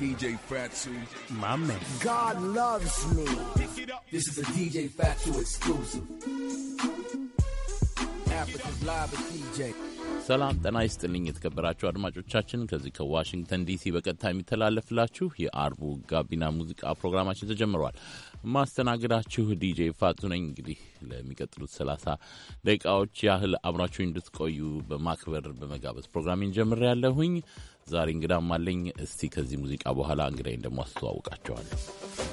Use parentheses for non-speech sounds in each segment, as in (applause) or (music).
DJ Fatsu. My man. God loves me. This is a DJ Fatsu exclusive. Africa's live with DJ. ሰላም ጤና ይስጥልኝ የተከበራችሁ አድማጮቻችን፣ ከዚህ ከዋሽንግተን ዲሲ በቀጥታ የሚተላለፍላችሁ የአርቡ ጋቢና ሙዚቃ ፕሮግራማችን ተጀምረዋል። ማስተናግዳችሁ ዲጄ ፋቱ ነኝ። እንግዲህ ለሚቀጥሉት 30 ደቂቃዎች ያህል አብራችሁ እንድትቆዩ በማክበር በመጋበዝ ፕሮግራሜን ያለሁኝ ዛሬ እንግዳም አለኝ። እስቲ ከዚህ ሙዚቃ በኋላ እንግዳይን ደግሞ አስተዋውቃቸዋለሁ።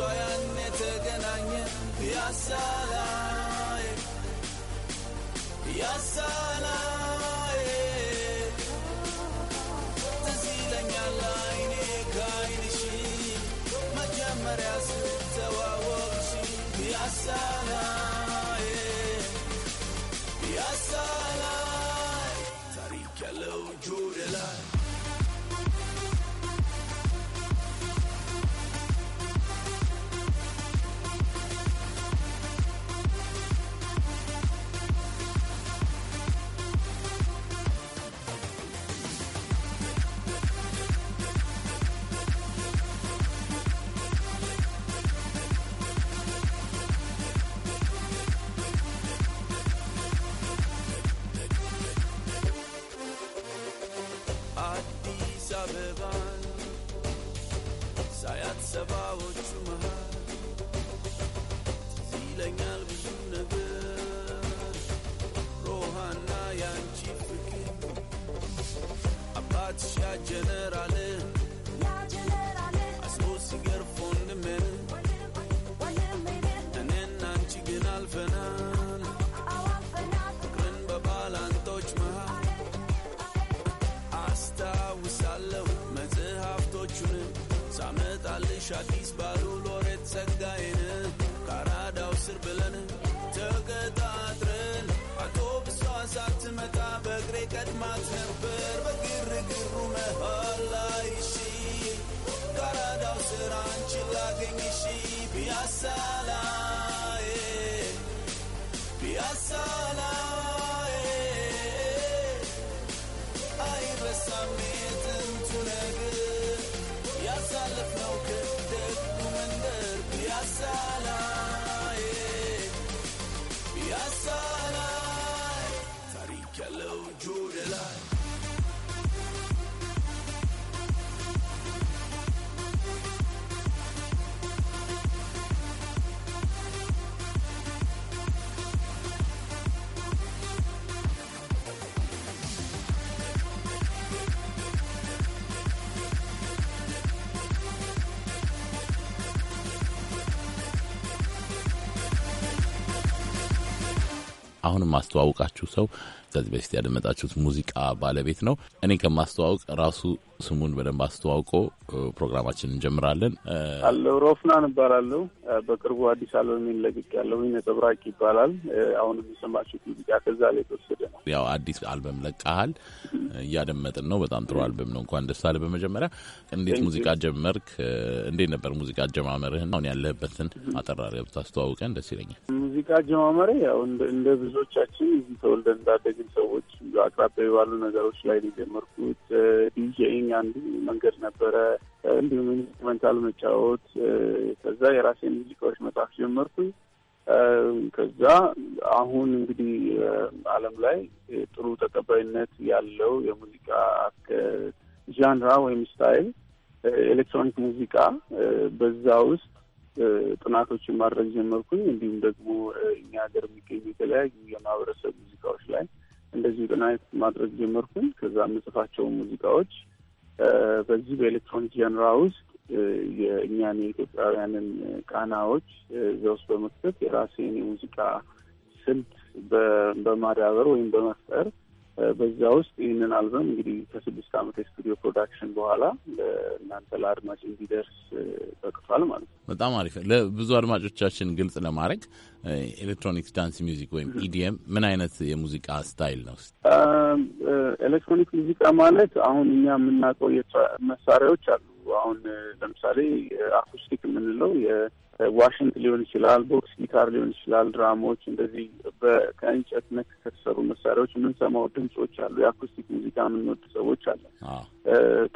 እሷ ያን የተገናኘ ያሳላ ሻዲስ ባሉ ሎሬት ጸጋይን ካራዳው ስር ብለን ተገጣጥረን አውቶቡሷ ሳትመጣ በእግሬ ቀድማት ነበር በግርግሩ መሃል ላይ እሺ ከአራዳው ስር አንቺን ላገኝ እሺ ፒያሳ ላይ አይረሳም የጥንቱ ነገር ያሳለፍነው አሁንም አስተዋውቃችሁ ሰው ከዚህ በፊት ያደመጣችሁት ሙዚቃ ባለቤት ነው። እኔ ከማስተዋወቅ ራሱ ስሙን በደንብ አስተዋውቆ ፕሮግራማችን እንጀምራለን። አለው ሮፍናን እባላለሁ። በቅርቡ አዲስ አልበሜን ለቅቄያለሁ። ነጸብራቅ ይባላል። አሁን የሚሰማችሁት ሙዚቃ ከዛ ላይ የተወሰደ ነው። ያው አዲስ አልበም ለቃሃል፣ እያደመጥን ነው። በጣም ጥሩ አልበም ነው። እንኳን ደስ አለ። በመጀመሪያ እንዴት ሙዚቃ ጀመርክ? እንዴት ነበር ሙዚቃ አጀማመርህን? አሁን ያለህበትን አጠራሪያ ብታስተዋውቀን ደስ ይለኛል። ሙዚቃ አጀማመሬ ያው እንደ ብዙዎቻችን እዚህ ተወልደን እንዳደግ ግን ሰዎች አቅራቢያ ባሉ ነገሮች ላይ ነው የጀመርኩት። ዲጄይንግ አንዱ መንገድ ነበረ። እንዲሁም ኢንስትሩመንታል መጫወት፣ ከዛ የራሴን ሙዚቃዎች መጽሐፍ ጀመርኩኝ። ከዛ አሁን እንግዲህ ዓለም ላይ ጥሩ ተቀባይነት ያለው የሙዚቃ ዣንራ ወይም ስታይል ኤሌክትሮኒክ ሙዚቃ፣ በዛ ውስጥ ጥናቶችን ማድረግ ጀመርኩኝ። እንዲሁም ደግሞ እኛ ሀገር የሚገኙ የተለያዩ የማህበረሰብ ሙዚቃዎች ላይ እንደዚሁ ጥናት ማድረግ ጀመርኩኝ። ከዛ የምጽፋቸው ሙዚቃዎች በዚህ በኤሌክትሮኒክ ጀንራ ውስጥ የእኛን የኢትዮጵያውያንን ቃናዎች እዚያ ውስጥ በመክተት የራሴን የሙዚቃ ስልት በማዳበር ወይም በመፍጠር በዛ ውስጥ ይህንን አልበም እንግዲህ ከስድስት ዓመት የስቱዲዮ ፕሮዳክሽን በኋላ እናንተ ለአድማጭ እንዲደርስ በቅቷል ማለት ነው። በጣም አሪፍ። ለብዙ አድማጮቻችን ግልጽ ለማድረግ ኤሌክትሮኒክስ ዳንስ ሚውዚክ ወይም ኢዲኤም e ምን አይነት የሙዚቃ ስታይል ነው? ኤሌክትሮኒክ ሙዚቃ ማለት አሁን እኛ የምናውቀው መሳሪያዎች አሉ። አሁን ለምሳሌ አኩስቲክ የምንለው ዋሽንት ሊሆን ይችላል፣ ቦክስ ጊታር ሊሆን ይችላል፣ ድራሞች እንደዚህ ከእንጨት ነክ ከተሰሩ መሳሪያዎች የምንሰማው ድምጾች አሉ። የአኩስቲክ ሙዚቃ የምንወድ ሰዎች አለ።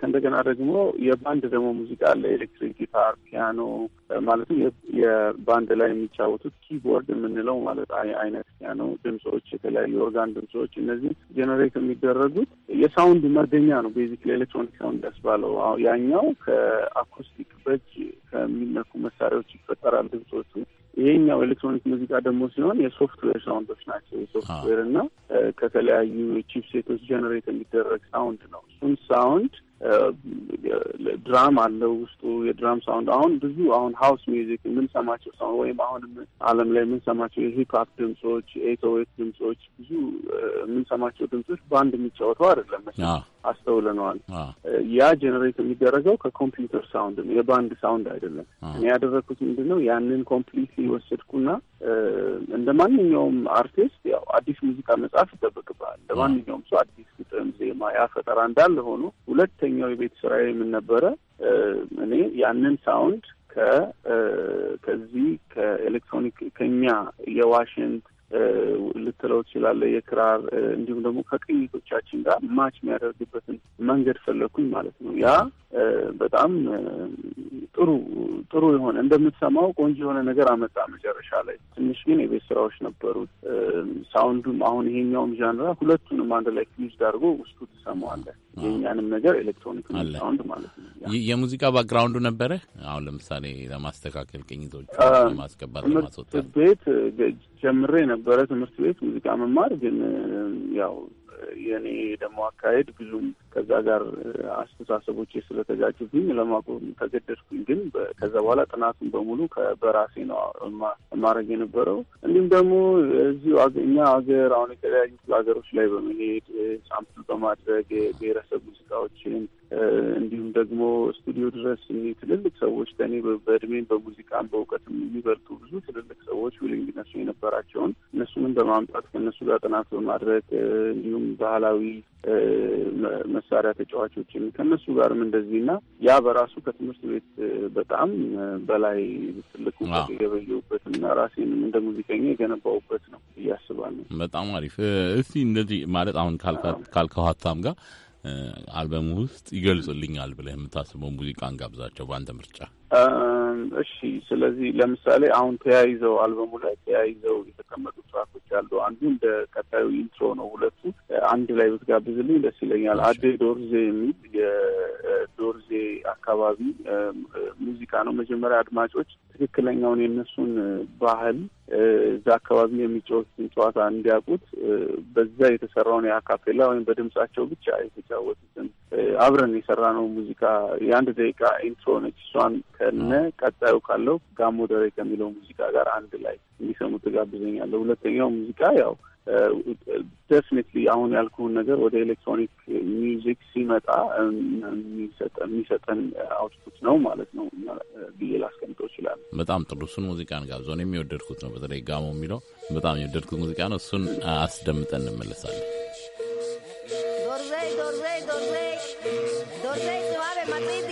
ከእንደገና ደግሞ የባንድ ደግሞ ሙዚቃ አለ። ኤሌክትሪክ ጊታር፣ ፒያኖ ማለትም የባንድ ላይ የሚጫወቱት ኪቦርድ የምንለው ማለት አይነት ፒያኖ ድምጾች፣ የተለያዩ ኦርጋን ድምጾች እነዚህ ጀነሬት የሚደረጉት የሳውንድ መገኛ ነው። ቤዚክ ኤሌክትሮኒክ ሳውንድ ያስባለው ያኛው ከአኩስቲክ በእጅ ከሚነኩ መሳሪያዎች ይፈጠራል ድምፆቹ። ይሄኛው ኤሌክትሮኒክ ሙዚቃ ደግሞ ሲሆን የሶፍትዌር ሳውንዶች ናቸው። የሶፍትዌር እና ከተለያዩ ሴቶች ጀነሬት የሚደረግ ሳውንድ ነው። እሱን ሳውንድ ድራም አለው ውስጡ የድራም ሳውንድ። አሁን ብዙ አሁን ሀውስ ሚዚክ የምንሰማቸው ሳውንድ ወይም አሁን ዓለም ላይ የምንሰማቸው የሂፕሀፕ ድምጾች ኤቶዌት ድምጾች ብዙ የምንሰማቸው ድምጾች በአንድ የሚጫወተው አይደለም መሰለኝ አስተውለነዋል። ያ ጀኔሬት የሚደረገው ከኮምፒውተር ሳውንድ ነው፣ የባንድ ሳውንድ አይደለም። እኔ ያደረግኩት ምንድን ነው ያንን ኮምፕሊትሊ ወሰድኩና እንደ ማንኛውም አርቲስት ያው አዲስ ሙዚቃ መጽሐፍ ይጠበቅብሃል። እንደ ማንኛውም ሰው አዲስ ግጥም፣ ዜማ፣ ያ ፈጠራ እንዳለ ሆኖ ሁለተኛው የቤት ስራ የምን ነበረ እኔ ያንን ሳውንድ ከዚህ ከኤሌክትሮኒክ ከኛ የዋሽንት ልትለው ትችላለህ። የክራር እንዲሁም ደግሞ ከቅኝቶቻችን ጋር ማች የሚያደርግበትን መንገድ ፈለግኩኝ ማለት ነው። ያ በጣም ጥሩ ጥሩ የሆነ እንደምትሰማው ቆንጆ የሆነ ነገር አመጣ መጨረሻ ላይ። ትንሽ ግን የቤት ስራዎች ነበሩት። ሳውንዱም አሁን ይሄኛውም ዣንራ ሁለቱንም አንድ ላይ ፊውዝ አድርጎ ውስጡ ትሰማዋለህ። የእኛንም ነገር ኤሌክትሮኒክ ሳውንድ ማለት ነው። የሙዚቃ ባክግራውንዱ ነበረ። አሁን ለምሳሌ ለማስተካከል ቅኝቶች ለማስገባት ለማስወጣት ቤት ጀምሬ የነበረ ትምህርት ቤት ሙዚቃ መማር ግን ያው የእኔ ደግሞ አካሄድ ብዙም ከዛ ጋር አስተሳሰቦች ስለተጋጩብኝ ለማቆም ተገደድኩኝ። ግን ከዛ በኋላ ጥናቱን በሙሉ በራሴ ነው ማድረግ የነበረው። እንዲሁም ደግሞ እዚሁ እኛ ሀገር አሁን የተለያዩ ሀገሮች ላይ በመሄድ ሳምፕል በማድረግ ብሔረሰብ ሙዚቃዎችን እንዲሁም ደግሞ ስቱዲዮ ድረስ ትልልቅ ሰዎች ከኔ በእድሜን በሙዚቃን በእውቀትም የሚበልጡ ብዙ ትልልቅ ሰዎች ዊሊንግነሱ የነበራቸውን እነሱንም በማምጣት ከእነሱ ጋር ጥናት በማድረግ እንዲሁም ባህላዊ መሳሪያ ተጫዋቾችን ከነሱ ጋርም እንደዚህ እና ያ በራሱ ከትምህርት ቤት በጣም በላይ ትልቅ እውቀት የገበየሁበት እና ራሴንም እንደ ሙዚቀኛ የገነባሁበት ነው እያስባለሁ። በጣም አሪፍ። እስቲ እንደዚህ ማለት አሁን ካልከው ሀብታም ጋር አልበሙ ውስጥ ይገልጽልኛል ብለህ የምታስበው ሙዚቃ እንጋብዛቸው በአንተ ምርጫ። እሺ። ስለዚህ ለምሳሌ አሁን ተያይዘው አልበሙ ላይ ተያይዘው የተቀመጡ ትራኮች አሉ። አንዱ እንደ ቀጣዩ ኢንትሮ ነው። ሁለቱ አንድ ላይ ብትጋብዝልኝ ደስ ይለኛል። አዴ ዶርዜ የሚል የዶርዜ አካባቢ ሙዚቃ ነው። መጀመሪያ አድማጮች ትክክለኛውን የእነሱን ባህል እዛ አካባቢ የሚጫወቱትን ጨዋታ እንዲያውቁት በዛ የተሰራውን የአካፔላ ወይም በድምጻቸው ብቻ የተጫወቱትን አብረን የሰራ ነው ሙዚቃ የአንድ ደቂቃ ኢንትሮ ነች። እሷን ከነ ቀጣዩ ካለው ጋሞ ደሬ ከሚለው ሙዚቃ ጋር አንድ ላይ እንዲሰሙት ጋብዘኛለሁ። ሁለተኛው ሙዚቃ ያው ደፍኒትሊ አሁን ያልኩህን ነገር ወደ ኤሌክትሮኒክ ሚውዚክ ሲመጣ የሚሰጠን አውትፑት ነው ማለት ነው ብዬ ላስቀምጠው ይችላል። በጣም ጥሩ። እሱን ሙዚቃን ጋብዞን የሚወደድኩት ነው። በተለይ ጋሞ የሚለው በጣም የወደድኩት ሙዚቃ ነው። እሱን አስደምጠን እንመለሳለን። ዶርዜ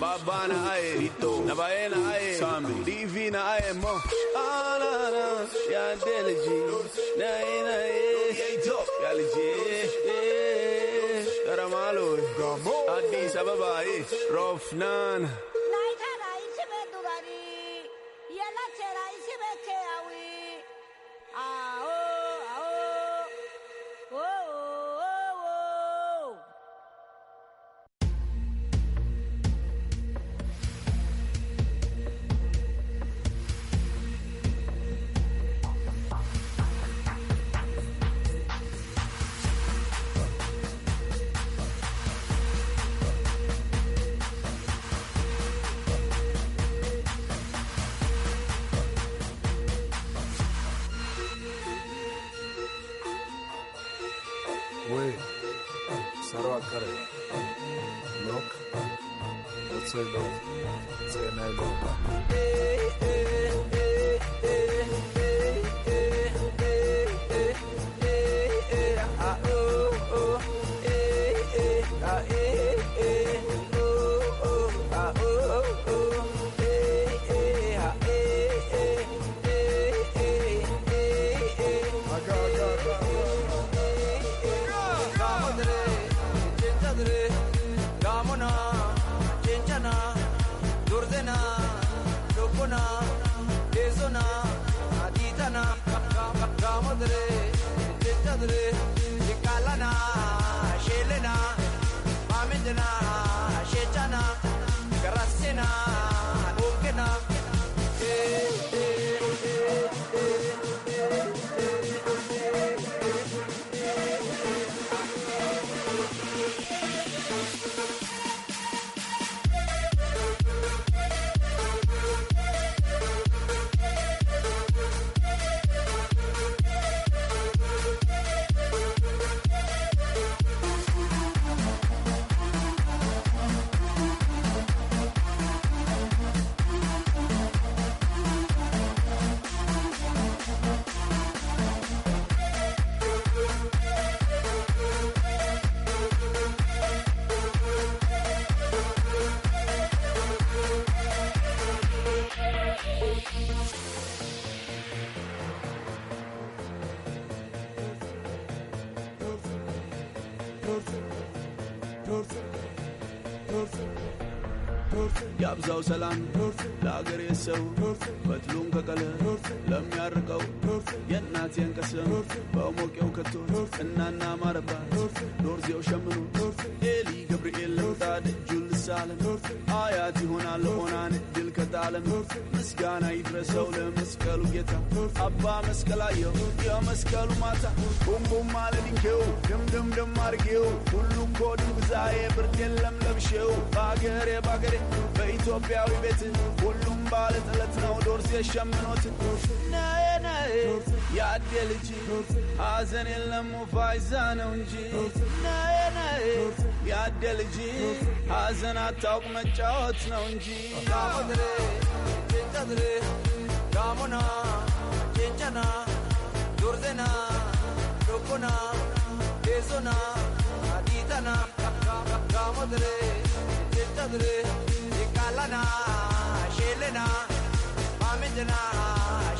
baba na aye Rito na bae na aye Sambi Divi na aye mo Anana ah, ya deleji na aye na aye ya leji Karamalo eh. Gamo Addis Ababa eh. Rofnan કોઈ સર્વ કરે લોક ઉત્સવ લોક જેને લોક ያብዛው ሰላም ለአገሬ ሰው ፈትሉን ከቀለ ለሚያርቀው የእናት የንቀስም በሞቄው ከቶ እናና ማረባት ዶርዜው ሸምኑ ኤሊ ገብርኤል ለምጣ ደጁን ሳልም አያት ይሆናል ሆናን ድል ከጣለን ምስጋና ይድረሰው ለመስቀሉ ጌታ አባ መስቀላየው የመስቀሉ ማታ ቡምቡም አለድንኬው ድምድምድም አርጌው ሁሉም ኮድም ብዛዬ ብርድ የለም ለብሼው በአገሬ ባገሬ በኢትዮጵያዊ ቤት ሁሉም ባለ ጥለት ነው ዶርስ የሸምኖት ነይ ነይ ያዴ ልጅ ሐዘን የለም ፋይዛ ነው እንጂ ነይ ያደ ልጅ ሐዘን አታውቅ መጫወት ነው እንጂ ጋሞና ጨንጨና ዶርዜና ዶኮና ዴዞና አዲጠና ጋሞድሬ ጨንጨድሬ ይቃላና ሼሌና ማሜድና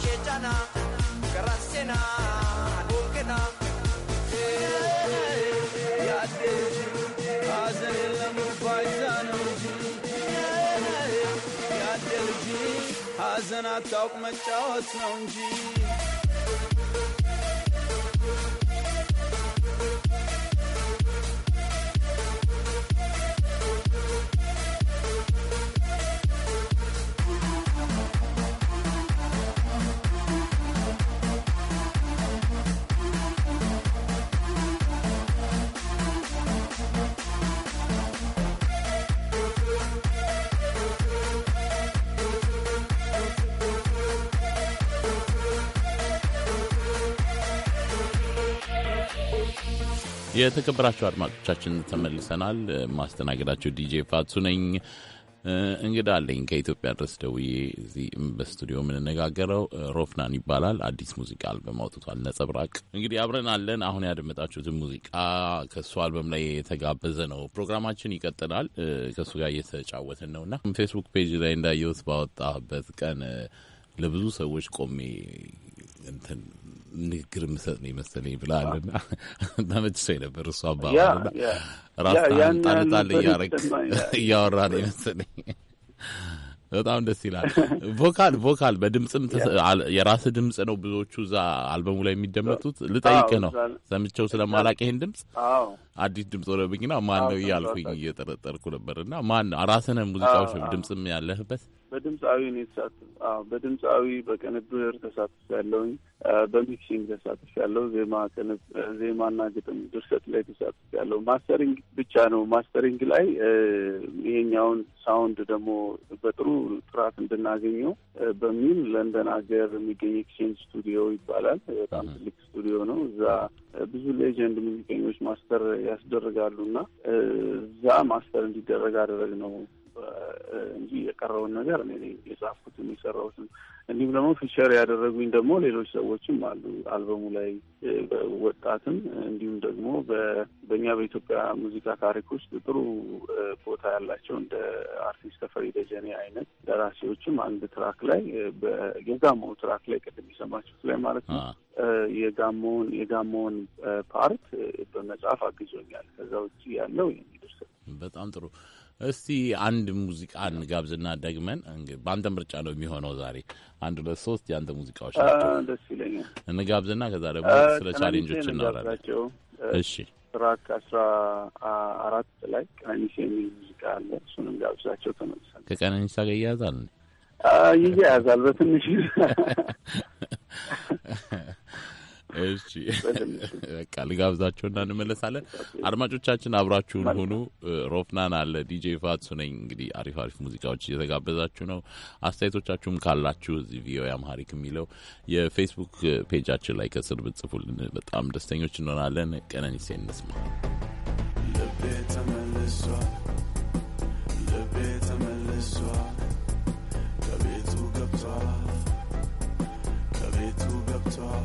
ሼጫና ገራሴና ተሰናታውቅ መጫወት ነው እንጂ የተከበራችሁ አድማጮቻችን ተመልሰናል። ማስተናገዳቸው ዲጄ ፋቱ ነኝ። እንግዳ አለኝ ከኢትዮጵያ ድረስ ደውዬ እዚህ በስቱዲዮ የምንነጋገረው ሮፍናን ይባላል። አዲስ ሙዚቃ አልበም አውጥቷል ነጸብራቅ። እንግዲህ አብረን አለን። አሁን ያደመጣችሁትን ሙዚቃ ከእሱ አልበም ላይ የተጋበዘ ነው። ፕሮግራማችን ይቀጥላል። ከእሱ ጋር እየተጫወትን ነው እና ፌስቡክ ፔጅ ላይ እንዳየሁት ባወጣበት ቀን ለብዙ ሰዎች ቆሜ እንትን ንግግር የምሰጥ ነው የመሰለኝ ብላለና እና መችሶኝ ነበር እሱ አባባልና ራስህን ጣልጣል እያረግ እያወራ ነው የመሰለኝ። በጣም ደስ ይላል። ቮካል ቮካል በድምፅም የራስ ድምፅ ነው። ብዙዎቹ እዛ አልበሙ ላይ የሚደመጡት ልጠይቅህ ነው ሰምቸው ስለማላቅ ይህን ድምፅ አዲስ ድምፅ ሆነብኝና ማን ነው እያልኩኝ እየጠረጠርኩ ነበር እና ማን ነው ራስህን ሙዚቃዎች ድምፅም ያለህበት በድምፃዊ ነው የተሳተፍ በድምፃዊ በቅንብር ተሳትፍ ያለውኝ በሚክሲንግ ተሳትፍ ያለው ዜማ ዜማና ግጥም ድርሰት ላይ ተሳትፍ ያለው ማስተሪንግ ብቻ ነው። ማስተሪንግ ላይ ይሄኛውን ሳውንድ ደግሞ በጥሩ ጥራት እንድናገኘው በሚል ለንደን ሀገር የሚገኝ ኤክስቼንጅ ስቱዲዮ ይባላል። በጣም ትልቅ ስቱዲዮ ነው። እዛ ብዙ ሌጀንድ ሙዚቀኞች ማስተር ያስደርጋሉ እና እዛ ማስተር እንዲደረግ አደረግ ነው እንጂ የቀረውን ነገር እኔ የጻፍኩትም እንዲሁም ደግሞ ፊቸር ያደረጉኝ ደግሞ ሌሎች ሰዎችም አሉ አልበሙ ላይ ወጣትም እንዲሁም ደግሞ በእኛ በኢትዮጵያ ሙዚቃ ታሪክ ውስጥ ጥሩ ቦታ ያላቸው እንደ አርቲስት ተፈሪ ደጀኔ አይነት ደራሲዎችም አንድ ትራክ ላይ የጋሞ ትራክ ላይ ቅድም የሰማችሁት ላይ ማለት ነው የጋሞውን የጋሞውን ፓርት በመጽሐፍ አግዞኛል። ከዛ ውጭ ያለው የሚደርሰ በጣም ጥሩ እስቲ አንድ ሙዚቃ እንጋብዝና ደግመን በአንተ ምርጫ ነው የሚሆነው። ዛሬ አንድ ሁለት ሶስት የአንተ ሙዚቃዎች ናቸው። ደስ ይለኛል። እንጋብዝና ከዛ ደግሞ ስለ ቻሌንጆች እናወራለን። እሺ ትራክ አስራ አራት ላይ ቀነኒሳ የሚል ሙዚቃ አለ። እሱን እንጋብዛቸው። ተመልሳል። ከቀነኒሳ ጋር እያያዛል ይያያዛል በትንሽ (laughs) እሺ በቃ ልጋብዛቸውና እንመለሳለን። አድማጮቻችን አብራችሁን ሁኑ። ሮፍናን አለ፣ ዲጄ ፋትሱ ነኝ። እንግዲህ አሪፍ አሪፍ ሙዚቃዎች እየተጋበዛችሁ ነው። አስተያየቶቻችሁም ካላችሁ እዚህ ቪኦኤ አምሃሪክ የሚለው የፌስቡክ ፔጃችን ላይ ከስር ብጽፉልን በጣም ደስተኞች እንሆናለን። ቀነኒሴ እንስማ። ልቤ ተመልሷል፣ ልቤ ተመልሷል፣ ከቤቱ ገብቷል፣ ከቤቱ ገብቷል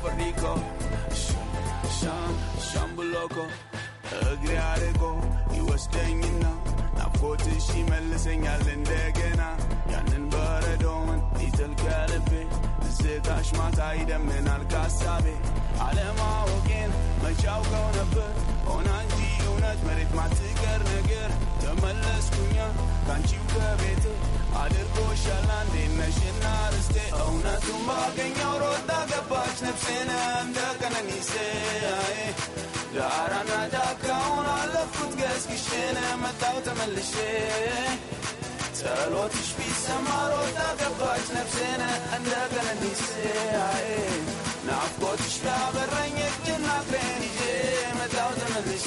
troppo ricco Sham, shambu loco Ugly article You were staying in now ናፍቆትሽ ይመልሰኛል እንደገና ያንን በረዶውን ይጥል ከልቤ ዝጋሽ ማታ ይደምናል ካሳቤ አለማወቄን መቻውቀው ነበር ሆና እንጂ እውነት መሬት ማትቀር ነገር ተመለስኩኛ ካንቺው ከቤት አድርጎሻል አንዴነሽና ርስቴ እውነቱን ባገኘው ሮጣ ገባች ነፍሴን እንደ ቀነኒሴ ዳራና ዳካውን አለፍኩት ገዝግሼን መጣው ተመልሼ ጸሎትሽ ቢሰማ ሮጣ ገባች ነፍሴን እንደ ቀነኒሴ ናፍቆትሽ ቢያበረኝ እጅና እግሬን ይዤ መጣው ተመልሼ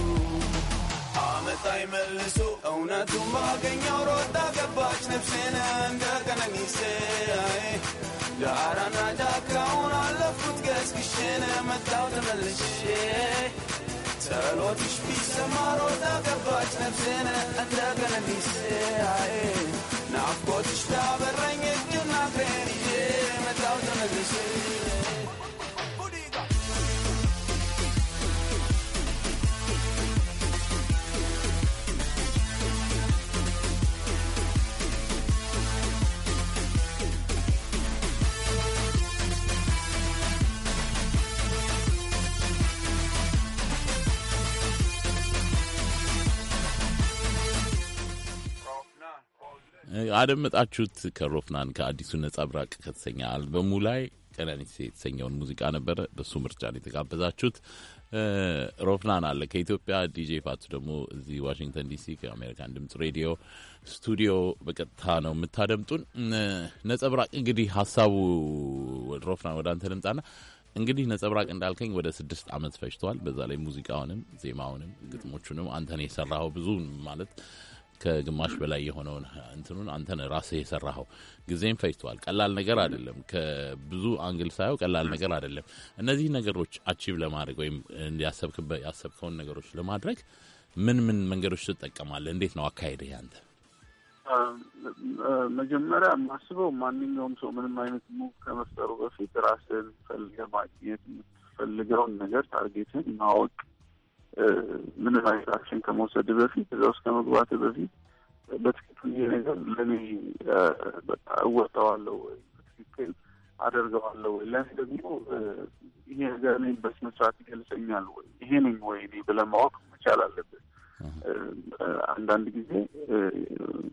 ቁጣ እውነቱን ባገኘው ሮጣ ገባች ነፍሴን እንደ ቀነኒሴ ዳራና ዳካውን አለፉት ገስግሼን መጣው ተመልሼ ጸሎትሽ ቢሰማ ሮጣ ገባች ነፍሴን እንደ ቀነኒሴ ናፍቆትሽ ዳበረኝ እጅና ክሬን ይዤ መጣው ተመልሼ አደመጣችሁት ከሮፍናን ከአዲሱ ነጸብራቅ ከተሰኘ አልበሙ ላይ ቀነኒሳ የተሰኘውን ሙዚቃ ነበረ። በሱ ምርጫ ነው የተጋበዛችሁት። ሮፍናን አለ ከኢትዮጵያ፣ ዲጄ ፋቱ ደግሞ እዚህ ዋሽንግተን ዲሲ ከአሜሪካን ድምጽ ሬዲዮ ስቱዲዮ በቀጥታ ነው የምታደምጡን። ነጸብራቅ እንግዲህ ሀሳቡ ሮፍናን ወደ አንተ ልምጣና እንግዲህ ነጸብራቅ እንዳልከኝ ወደ ስድስት ዓመት ፈጅተዋል። በዛ ላይ ሙዚቃውንም ዜማውንም ግጥሞቹንም አንተን የሰራኸው ብዙ ማለት ከግማሽ በላይ የሆነውን እንትኑን አንተን ራስህ የሰራኸው ጊዜም ፈጅተዋል። ቀላል ነገር አይደለም። ከብዙ አንግል ሳየው ቀላል ነገር አይደለም። እነዚህ ነገሮች አቺቭ ለማድረግ ወይም ያሰብከውን ነገሮች ለማድረግ ምን ምን መንገዶች ትጠቀማለህ? እንዴት ነው አካሄድህ አንተ? መጀመሪያ የማስበው ማንኛውም ሰው ምንም አይነት ሙ ከመፍጠሩ በፊት ራስን ፈልገ ማግኘት የምትፈልገውን ነገር ታርጌትን ማወቅ ምንም አይነት አክሽን ከመውሰድ በፊት እዛ ውስጥ ከመግባት በፊት በትክክል ይሄ ነገር ለእኔ እወጣዋለሁ ወይ በትክክል አደርገዋለሁ ወይ ለእኔ ደግሞ ይሄ ነገር እኔ በስነ ስርዓት ይገልጸኛል ወይ ይሄ ነኝ ወይ እኔ ብለህ ማወቅ መቻል አለብን። አንዳንድ ጊዜ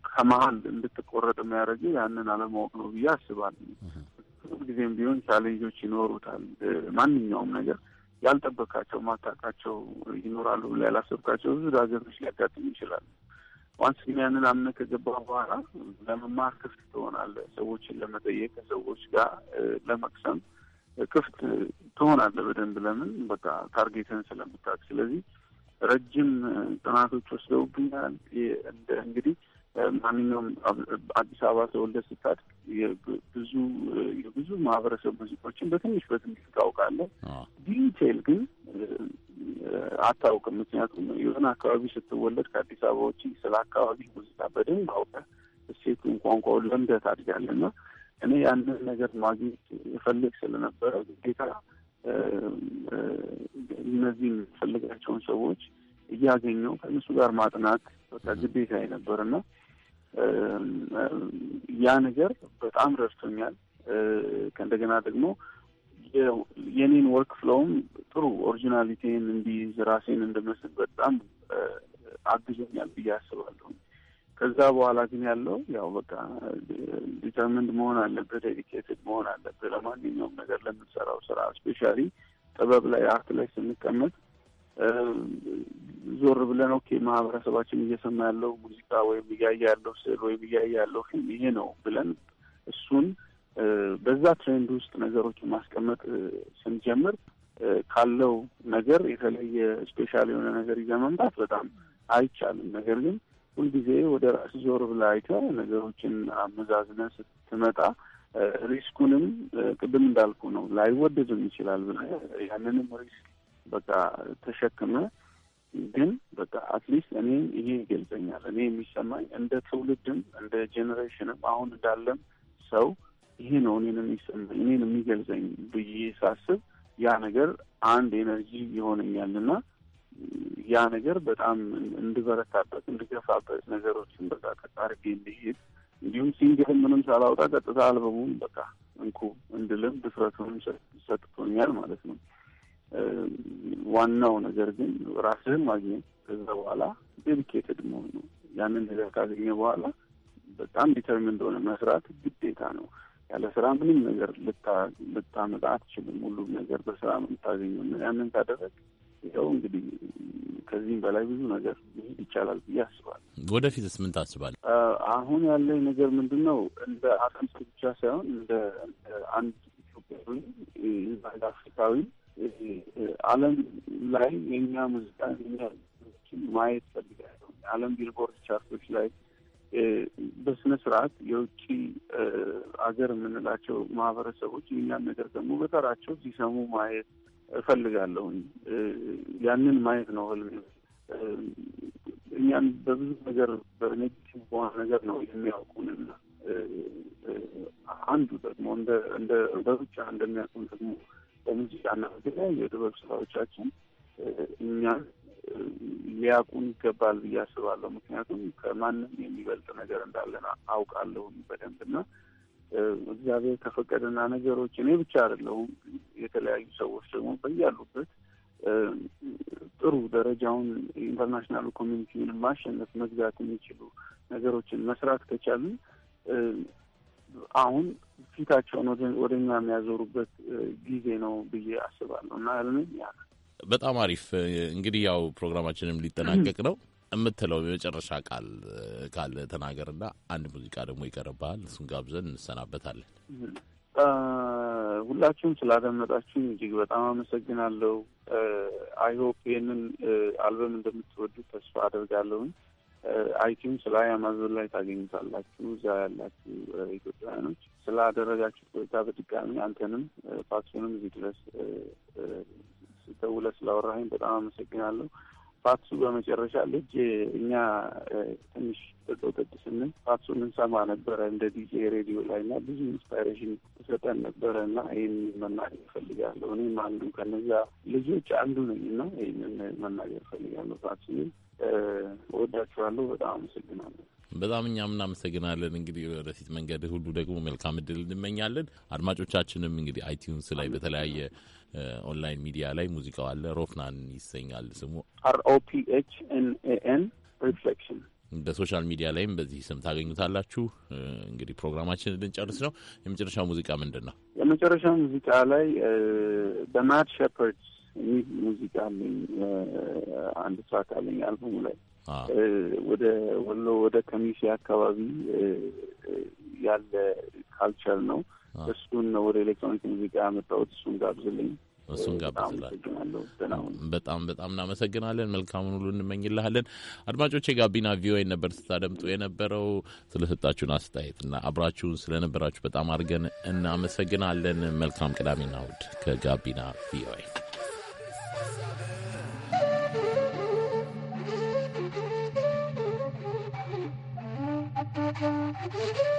ከመሀል እንድትቆረጥ የሚያደርገው ያንን አለማወቅ ነው ብዬ አስባለሁ። ጊዜም ቢሆን ቻሌንጆች ይኖሩታል ማንኛውም ነገር ያልጠበቃቸው ማታቃቸው ይኖራሉ ብላ ያላሰብካቸው ብዙ ዳገቶች ሊያጋጥም ይችላል። ዋንስ ግን ያንን አምነ ከገባ በኋላ ለመማር ክፍት ትሆናለ። ሰዎችን ለመጠየቅ ከሰዎች ጋር ለመቅሰም ክፍት ትሆናለ በደንብ ለምን በቃ ታርጌትን ስለምታውቅ። ስለዚህ ረጅም ጥናቶች ወስደውብኛል እንግዲህ ማንኛውም አዲስ አበባ ተወልደ ስታድግ ብዙ የብዙ ማህበረሰብ ሙዚቆችን በትንሽ በትንሽ ታውቃለህ። ዲቴል ግን አታውቅም። ምክንያቱም የሆነ አካባቢ ስትወለድ ከአዲስ አበባ ውጪ ስለ አካባቢ ሙዚቃ በደንብ አውቀ እሴቱን፣ ቋንቋውን ለምደህ ታድጋለህ እና እኔ ያንን ነገር ማግኘት እፈልግ ስለነበረ ግዴታ እነዚህ የምፈልጋቸውን ሰዎች እያገኘው ከእነሱ ጋር ማጥናት በቃ ግዴታ የነበርና ያ ነገር በጣም ረድቶኛል። ከእንደገና ደግሞ የኔን ወርክ ፍሎውም ጥሩ ኦሪጂናሊቲን እንዲይዝ ራሴን እንደመስል በጣም አግዞኛል ብዬ አስባለሁ። ከዛ በኋላ ግን ያለው ያው በቃ ዲተርሚንድ መሆን አለብህ፣ ዴዲኬትድ መሆን አለብህ ለማንኛውም ነገር ለምትሰራው ስራ፣ ስፔሻሊ ጥበብ ላይ አርት ላይ ስንቀመጥ ዞር ብለን ኦኬ ማህበረሰባችን እየሰማ ያለው ሙዚቃ ወይም እያየ ያለው ስዕል ወይም እያየ ያለው ፊልም ይሄ ነው ብለን እሱን በዛ ትሬንድ ውስጥ ነገሮችን ማስቀመጥ ስንጀምር ካለው ነገር የተለየ ስፔሻል የሆነ ነገር ይዘ መምጣት በጣም አይቻልም። ነገር ግን ሁልጊዜ ወደ ራስ ዞር ብለህ አይተህ ነገሮችን አመዛዝነህ ስትመጣ ሪስኩንም ቅድም እንዳልኩ ነው ላይወደድም ይችላል ብለህ ያንንም ሪስክ በቃ ተሸክመ ግን በቃ አትሊስት እኔ ይሄ ይገልጸኛል። እኔ የሚሰማኝ እንደ ትውልድም እንደ ጄኔሬሽንም አሁን እንዳለም ሰው ይሄ ነው እኔን የሚሰማኝ እኔን የሚገልጸኝ ብዬ ሳስብ ያ ነገር አንድ ኤነርጂ ይሆነኛልና ያ ነገር በጣም እንድበረታበት እንድገፋበት ነገሮችን በቃ ቀጣርጌ አድርጌ እንዲሁም ሲንግል ምንም ሳላውጣ ቀጥታ አልበሙም በቃ እንኩ እንድልም ድፍረቱንም ሰጥቶኛል ማለት ነው። ዋናው ነገር ግን ራስህን ማግኘት ከዛ በኋላ ዴዲኬትድ መሆን ነው። ያንን ነገር ካገኘ በኋላ በጣም ዲተርሚን እንደሆነ መስራት ግዴታ ነው። ያለ ስራ ምንም ነገር ልታመጣ አትችልም። ሁሉም ነገር በስራ ነው የምታገኘው እና ያንን ካደረግ ያው እንግዲህ ከዚህም በላይ ብዙ ነገር ይሄድ ይቻላል ብዬ አስባለሁ። ወደፊትስ ምን ታስባለህ? አሁን ያለ ነገር ምንድን ነው? እንደ አቀምስ ብቻ ሳይሆን እንደ አንድ ኢትዮጵያዊ አፍሪካዊም ዓለም ላይ የኛ ሙዚቃ ችን ማየት ፈልጋለሁ። ዓለም ቢልቦርድ ቻርቶች ላይ በስነ ስርዓት የውጭ አገር የምንላቸው ማህበረሰቦች የኛን ነገር ደግሞ በተራቸው ሲሰሙ ማየት እፈልጋለሁኝ። ያንን ማየት ነው ህልም። እኛን በብዙ ነገር በኔጌቲቭ በሆነ ነገር ነው የሚያውቁንና አንዱ ደግሞ እንደ በሩጫ እንደሚያውቁን ደግሞ በሙዚቃና በተለያዩ የጥበብ ስራዎቻችን እኛን ሊያውቁን ይገባል ብዬ አስባለሁ። ምክንያቱም ከማንም የሚበልጥ ነገር እንዳለን አውቃለሁ በደንብ እና እግዚአብሔር ከፈቀደና ነገሮች እኔ ብቻ አይደለሁም፣ የተለያዩ ሰዎች ደግሞ በያሉበት ጥሩ ደረጃውን ኢንተርናሽናሉ ኮሚኒቲውን ማሸነፍ መግዛት የሚችሉ ነገሮችን መስራት ከቻልን አሁን ፊታቸውን ወደ እኛ የሚያዞሩበት ጊዜ ነው ብዬ አስባለሁ እና ያለንን ያ በጣም አሪፍ እንግዲህ ያው ፕሮግራማችንም ሊጠናቀቅ ነው። የምትለው የመጨረሻ ቃል ካለ ተናገርና አንድ ሙዚቃ ደግሞ ይቀርብሃል። እሱን ጋብዘን እንሰናበታለን። ሁላችሁም ስላደመጣችሁ እጅግ በጣም አመሰግናለሁ። አይሆፕ ይህንን አልበም እንደምትወዱት ተስፋ አደርጋለሁኝ። አይቲዩንስ ላይ አማዞን ላይ ታገኙታላችሁ። እዛ ያላችሁ ኢትዮጵያውያኖች ስላደረጋችሁ ቆይታ በድጋሚ አንተንም ፋክሱንም እዚህ ድረስ ደውለህ ስላወራኸኝ በጣም አመሰግናለሁ። ፋክሱ በመጨረሻ ልጅ እኛ ትንሽ ጥጦ ጠጠውጠጥ ስንል ፋክሱን እንሰማ ነበረ እንደ ዲጄ ሬዲዮ ላይ እና ብዙ ኢንስፓይሬሽን ተሰጠን ነበረ እና ይህን መናገር እፈልጋለሁ። እኔም አንዱ ከነዛ ልጆች አንዱ ነኝ እና ይህንን መናገር እፈልጋለሁ ፋክሱንም እወዳችኋለሁ። በጣም አመሰግናለሁ። በጣም እኛም እናመሰግናለን። እንግዲህ ወደፊት መንገድ ሁሉ ደግሞ መልካም እድል እንመኛለን። አድማጮቻችንም እንግዲህ አይቲዩንስ ላይ በተለያየ ኦንላይን ሚዲያ ላይ ሙዚቃው አለ። ሮፍናን ይሰኛል ስሙ አር ኦ ፒ ኤች ኤን ኤ ኤን ሪፍሌክሽን። በሶሻል ሚዲያ ላይም በዚህ ስም ታገኙታላችሁ። እንግዲህ ፕሮግራማችን ልንጨርስ ነው። የመጨረሻ ሙዚቃ ምንድን ነው? የመጨረሻ ሙዚቃ ላይ በማድ ሸፐርድስ እኔ ሙዚቃ አለኝ፣ አንድ ትራክ አለኝ አልበሙ ላይ ወደ ወሎ ወደ ከሚሴ አካባቢ ያለ ካልቸር ነው። እሱን ነው ወደ ኤሌክትሮኒክ ሙዚቃ ያመጣሁት። እሱን ጋብዝልኝ፣ እሱን ጋብዝላለሁ። በጣም በጣም እናመሰግናለን። መልካሙን ሁሉ እንመኝልሃለን። አድማጮች፣ የጋቢና ቪኦኤ ነበር ስታደምጡ የነበረው። ስለሰጣችሁን አስተያየት አስተያየትና አብራችሁን ስለነበራችሁ በጣም አድርገን እናመሰግናለን። መልካም ቅዳሜና እሑድ ከጋቢና ቪኦኤ Thank you.